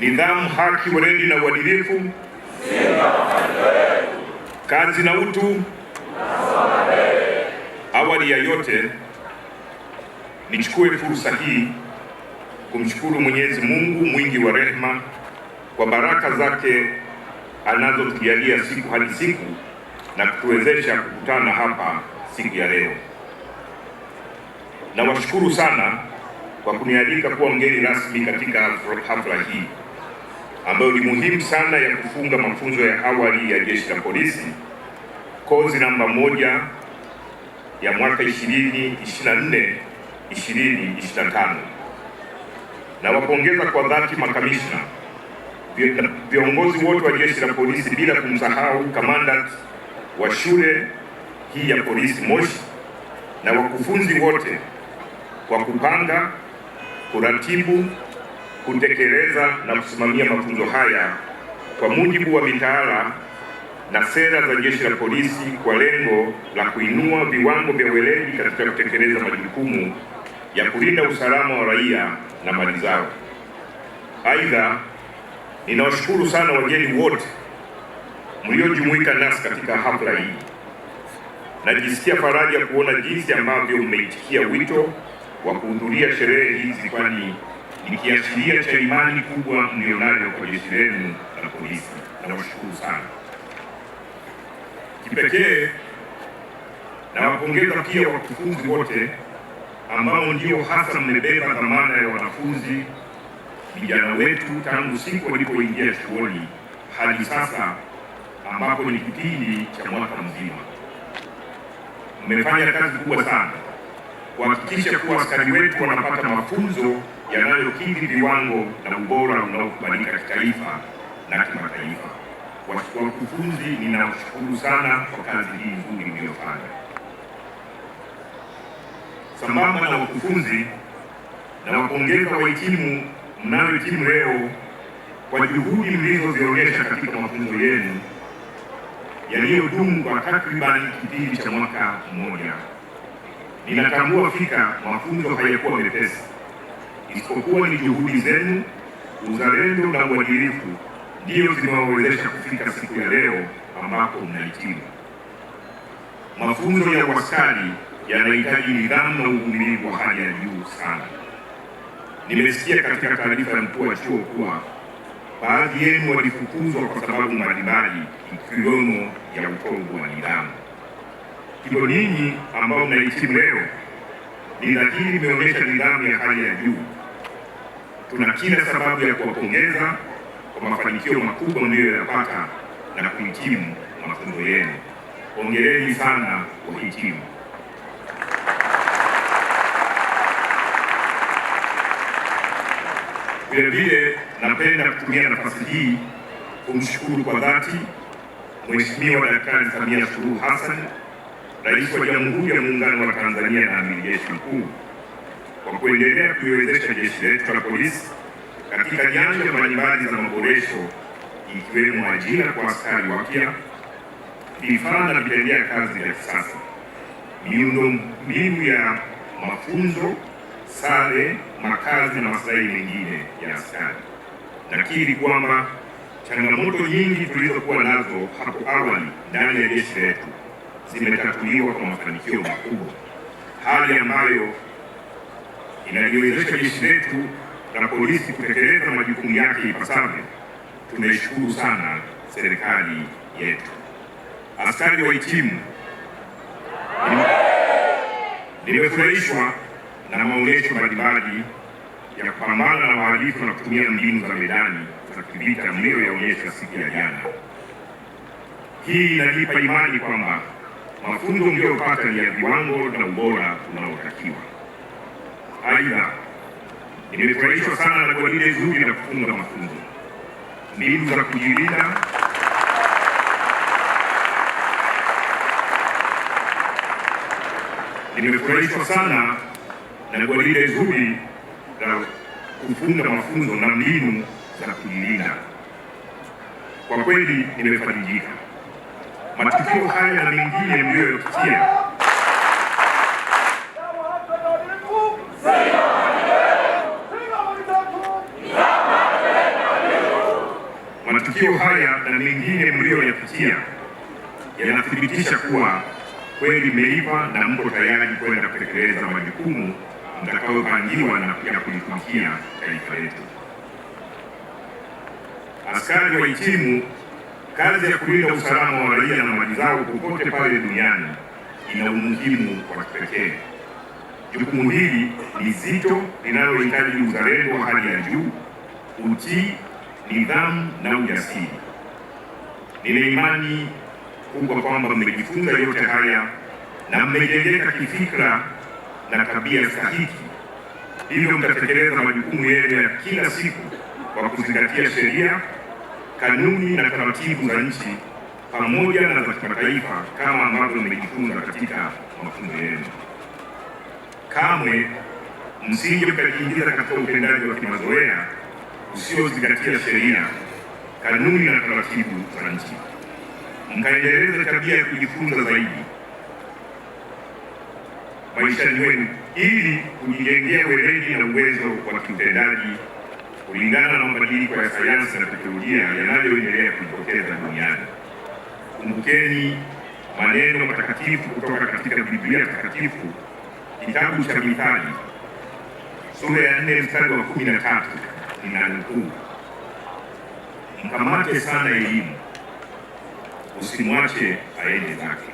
nidhamu, haki, weledi na uadilifu, kazi na utu. Awali ya yote, nichukue fursa hii kumshukuru Mwenyezi Mungu mwingi wa rehema kwa baraka zake anazotujalia siku hadi siku na kutuwezesha kukutana hapa siku ya leo. Nawashukuru sana kwa kunialika kuwa mgeni rasmi katika hafla hii ambayo ni muhimu sana ya kufunga mafunzo ya awali ya Jeshi la Polisi kozi namba moja ya mwaka 2024 2025. Nawapongeza kwa dhati makamishna, viongozi wote wa Jeshi la Polisi bila kumsahau kamanda wa shule hii ya polisi Moshi na wakufunzi wote kwa kupanga, kuratibu kutekeleza na kusimamia mafunzo haya kwa mujibu wa mitaala na sera za Jeshi la Polisi kwa lengo la kuinua viwango vya weledi katika kutekeleza majukumu ya kulinda usalama wa raia na mali zao. Aidha, ninawashukuru sana wageni wote mliojumuika nasi katika hafla hii. Najisikia faraja kuona jinsi ambavyo mmeitikia wito wa kuhudhuria sherehe hizi kwani ni kiashiria cha imani kubwa mlionayo kwa jeshi lenu la polisi. Nawashukuru sana kipekee. Nawapongeza pia wakufunzi wote ambao ndio hasa mmebeba dhamana ya wanafunzi vijana wetu tangu siku walipoingia shuoni hadi sasa ambapo ni kipindi cha mwaka mzima. Mmefanya kazi kubwa sana kuhakikisha kuwa askari wetu wanapata mafunzo yanayokidhi viwango na ubora unaokubalika kitaifa na kimataifa. Wakufunzi, ninawashukuru sana kwa kazi hii nzuri mliyofanya. Sambamba na wakufunzi, nawapongeza wahitimu mnayohitimu leo kwa juhudi mlizozionyesha katika mafunzo yenu yaliyodumu kwa takribani kipindi cha mwaka mmoja. Ninatambua fika mafunzo hayakuwa mepesi, isipokuwa ni juhudi zenu, uzalendo na uadilifu ndiyo zimewawezesha kufika siku ya leo ambapo mnahitimu. Mafunzo ya uaskari yanahitaji nidhamu na uvumilivu wa hali ya juu sana. Nimesikia katika taarifa ya mkuu wa chuo kuwa baadhi yenu walifukuzwa kwa sababu mbalimbali ikiwemo ya utovu wa nidhamu. Hivyo ninyi ambao mnahitimu leo, ni dhahiri mmeonyesha nidhamu ya hali ya juu. Tuna kila sababu ya kuwapongeza kwa mafanikio makubwa mliyoyapata na kuhitimu mafunzo yenu. Hongereni sana wahitimu. Vilevile napenda kutumia nafasi hii kumshukuru kwa dhati Mheshimiwa Daktari Samia Suluhu Hassan Rais wa Jamhuri ya Muungano wa Tanzania na Amiri Jeshi Mkuu kwa kuendelea kuiwezesha jeshi letu la polisi katika nyanja mbalimbali za maboresho ikiwemo ajira kwa askari wapya, vifaa na vitendea kazi vya kisasa, miundombinu ya mafunzo, sare, makazi na maslahi mengine ya askari. Nakiri kwamba changamoto nyingi tulizokuwa nazo hapo awali ndani ya jeshi letu zimetatuliwa kwa mafanikio makubwa, hali ambayo inaliwezesha jeshi letu la polisi kutekeleza majukumu yake ipasavyo. Tunaishukuru sana serikali yetu. Askari wa itimu nimefurahishwa na maonyesho mbalimbali ya kupambana na wahalifu na kutumia mbinu za medani za kivita yaonyesha siku ya jana. Hii inalipa imani kwamba mafunzo mliyopata ni ya viwango na ubora unaotakiwa. Aidha, nimefurahishwa sana na gwaride zuri la kufunga mafunzo, mbinu za kujilinda nimefurahishwa sana na gwaride zuri la kufunga mafunzo na mbinu za kujilinda. Kwa kweli nimefarijika. Matukio haya na mengine mliyoyasikia matukio haya na mengine mliyoyasikia yanathibitisha kuwa kweli mmeiva na mko tayari kwenda kutekeleza majukumu mtakayopangiwa na pia kulitumikia taifa letu. Askari wa wahitimu kazi ya kulinda usalama wa raia na mali zao popote pale duniani ina umuhimu wa kipekee. Jukumu hili ni zito linalohitaji uzalendo wa hali ya juu, utii, nidhamu na ujasiri. Nina imani kubwa kwamba mmejifunza yote haya na mmejengeka kifikra na tabia stahiki, hivyo mtatekeleza majukumu yenu ya kila siku kwa kuzingatia sheria kanuni na taratibu za nchi pamoja na za kimataifa kama ambavyo mmejifunza katika mafunzo yenu. Kamwe msije mkajiingiza katika utendaji wa kimazoea usiozingatia sheria, kanuni na taratibu za nchi. Mkaendeleza tabia ya kujifunza zaidi maishani wenu ili kujijengea weledi na uwezo wa kiutendaji kulingana na mabadiliko ya sayansi na teknolojia yanayoendelea kujitokeza duniani. Kumbukeni maneno matakatifu kutoka katika Biblia Takatifu, kitabu cha Mithali sura ya nne mstari wa kumi na tatu ina mkamate sana elimu, usimwache aende zake,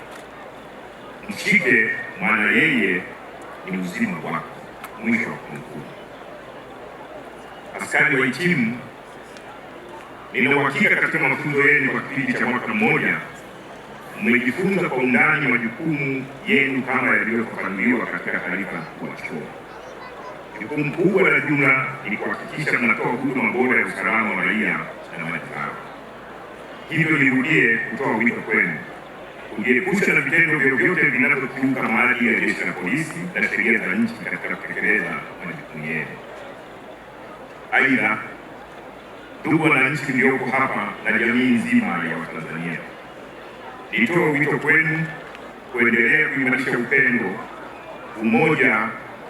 mshike, maana yeye ni uzima wako. Mwisho wa kunukuu askari wahitimu, nina uhakika katika mafunzo yenu kwa kipindi cha mwaka mmoja mmejifunza kwa undani majukumu yenu kama yalivyofafanuliwa katika taarifa kwa chuo. Jukumu kubwa la jumla ni kuhakikisha mnatoa huduma bora ya usalama wa raia na mali zao. Hivyo nirudie kutoa wito kwenu kujiepusha na vitendo vyovyote vinavyokiuka maadili ya jeshi la polisi na sheria za nchi katika kutekeleza majukumu yenu. Aidha, ndugu wananchi mlioko hapa na jamii nzima ya Watanzania, nitoa wito kwenu kuendelea kuimarisha upendo, umoja,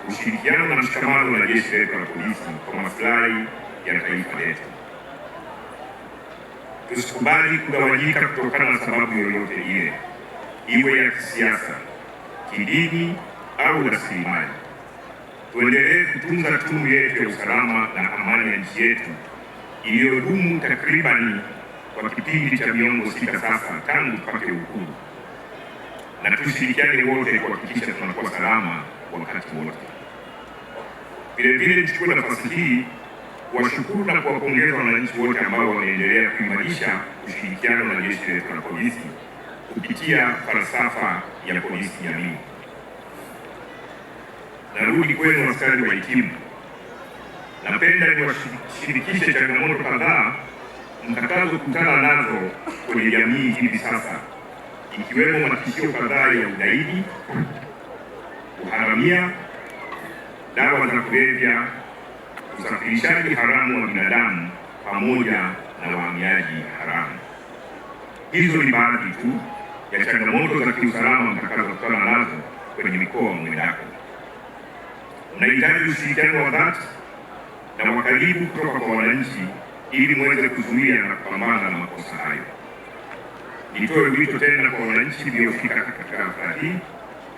ushirikiano na mshikamano na jeshi letu la polisi kwa maslahi ya taifa letu. Tusikubali kugawanyika kutokana na sababu yoyote ile, iwe ya kisiasa, kidini au rasilimali tuendelee kutunza tunu yetu ya usalama na amani ya nchi yetu iliyodumu takribani kwa kipindi cha miongo sita sasa tangu tupate uhuru, na tushirikiane wote kuhakikisha tunakuwa salama wakati wote. Vilevile nichukue nafasi hii kuwashukuru na kuwapongeza wananchi wote ambao wameendelea kuimarisha ushirikiano na jeshi letu la polisi kupitia falsafa ya polisi jamii. Narudi kwenu askari wa Ikimu, napenda niwashirikishe changamoto kadhaa mtakazokutana nazo kwenye jamii hivi sasa, ikiwemo matishio kadhaa ya ugaidi, uharamia, dawa za kulevya, usafirishaji haramu wa binadamu pamoja na wahamiaji haramu. Hizo ni baadhi tu ya changamoto za kiusalama mtakazokutana nazo kwenye mikoa mwendako. Tunahitaji ushirikiano wa dhati na wa karibu kutoka kwa wananchi ili muweze kuzuia na kupambana na makosa hayo. Nitoe wito tena kwa wananchi waliofika katika hafla hii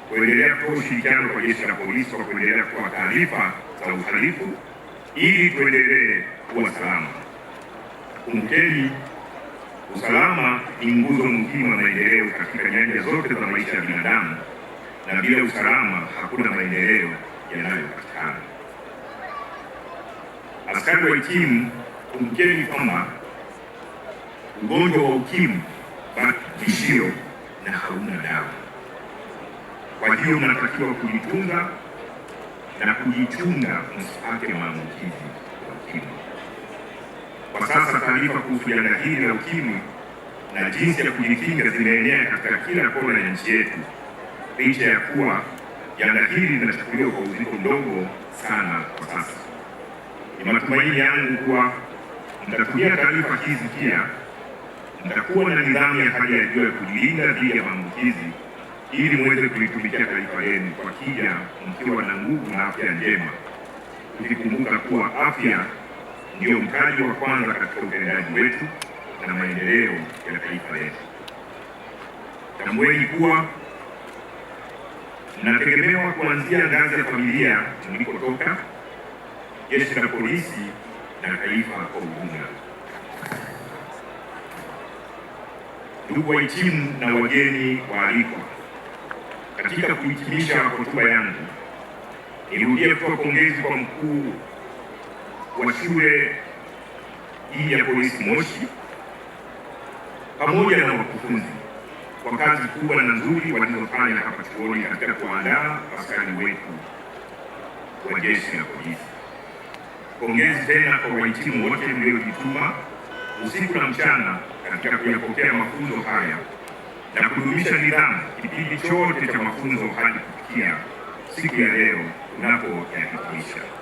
kuendelea kutoa ushirikiano kwa jeshi la polisi kwa kuendelea kutoa taarifa za uhalifu ili tuendelee kuwa salama. Kumbukeni, usalama ni nguzo muhimu ya maendeleo katika nyanja zote za maisha ya binadamu, na bila usalama hakuna maendeleo yanayopatikana. Askari wa UKIMWI, kumbukeni kwamba ugonjwa wa UKIMWI bado tishio na hauna dawa. Kwa hiyo mnatakiwa kujitunga na kujichunga msipate maambukizi ya UKIMWI. Kwa sasa taarifa kuhusu janga hili la UKIMWI na jinsi ya kujikinga zimeenea katika kila kona ya nchi yetu licha ya kuwa janga hili linachukuliwa kwa uzito mdogo sana kwa sasa. Ni matumaini yangu kuwa mtatumia taarifa hizi pia mtakuwa na nidhamu ya hali ya juu ya kujilinda dhidi ya maambukizi ili muweze kulitumikia taifa lenu kwa kija mkiwa na nguvu na afya njema, tukikumbuka kuwa afya ndiyo mtaji wa kwanza katika utendaji wetu na maendeleo ya taifa letu. Tambueni kuwa inategemewa kuanzia ngazi ya familia tulikotoka, jeshi la polisi na taifa kwa ujumla. Ndugu wahitimu na wageni waalikwa, katika kuhitimisha hotuba yangu, nirudie kutoa pongezi kwa mkuu wa shule hii ya polisi Moshi pamoja na wakufunzi kwa kazi kubwa na nzuri walizofanya hapa chuoni katika kuandaa askari wetu wa jeshi la polisi. Pongezi tena kwa wahitimu wote mliojituma usiku na mchana katika kuyapokea mafunzo haya na kudumisha nidhamu kipindi chote cha mafunzo hadi kufikia siku ya leo unapoyahitimisha.